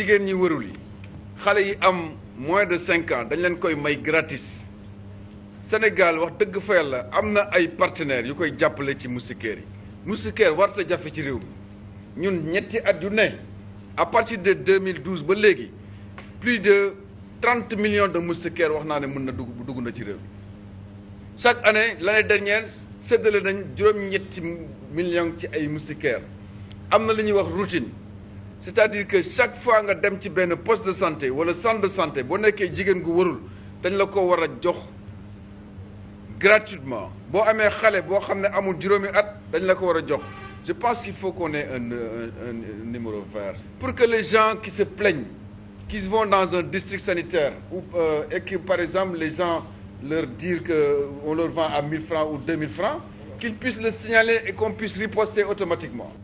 jigéen ñi wërul yi xale yi am moins de cinq ans dañ leen koy may gratis Sénégal wax dëgg fa la am na ay partenaires yu koy jàppale ci moustiquaire yi moustiquaire warta jafe ci réew mi ñun ñetti at yu ne à partir de 2012 ba léegi plus de trente millions de moustiquaires wax naa ne mën na dugg dugg na ci réew mi chaque année l'année dernière séddale nañ juróom-ñetti millions ci ay moustiquaires am na lu ñuy wax routine c'est-à-dire que chaque fois nga dem ci benn poste de santé wala centre de santé boo nekkee jigéen gu warul dañ la ko war a jox gratuitement boo amee xale boo xam ne amul juróomi at dañ la ko war a jox je pense qu'il faut qu'on ait un, numéro vert pour que les gens qui se plaignent qui vont dans un district sanitaire ou euh, et que par exemple les gens leur dire que on leur vend à 1000 francs ou 2000 francs qu'ils puissent le signaler et qu'on puisse riposter automatiquement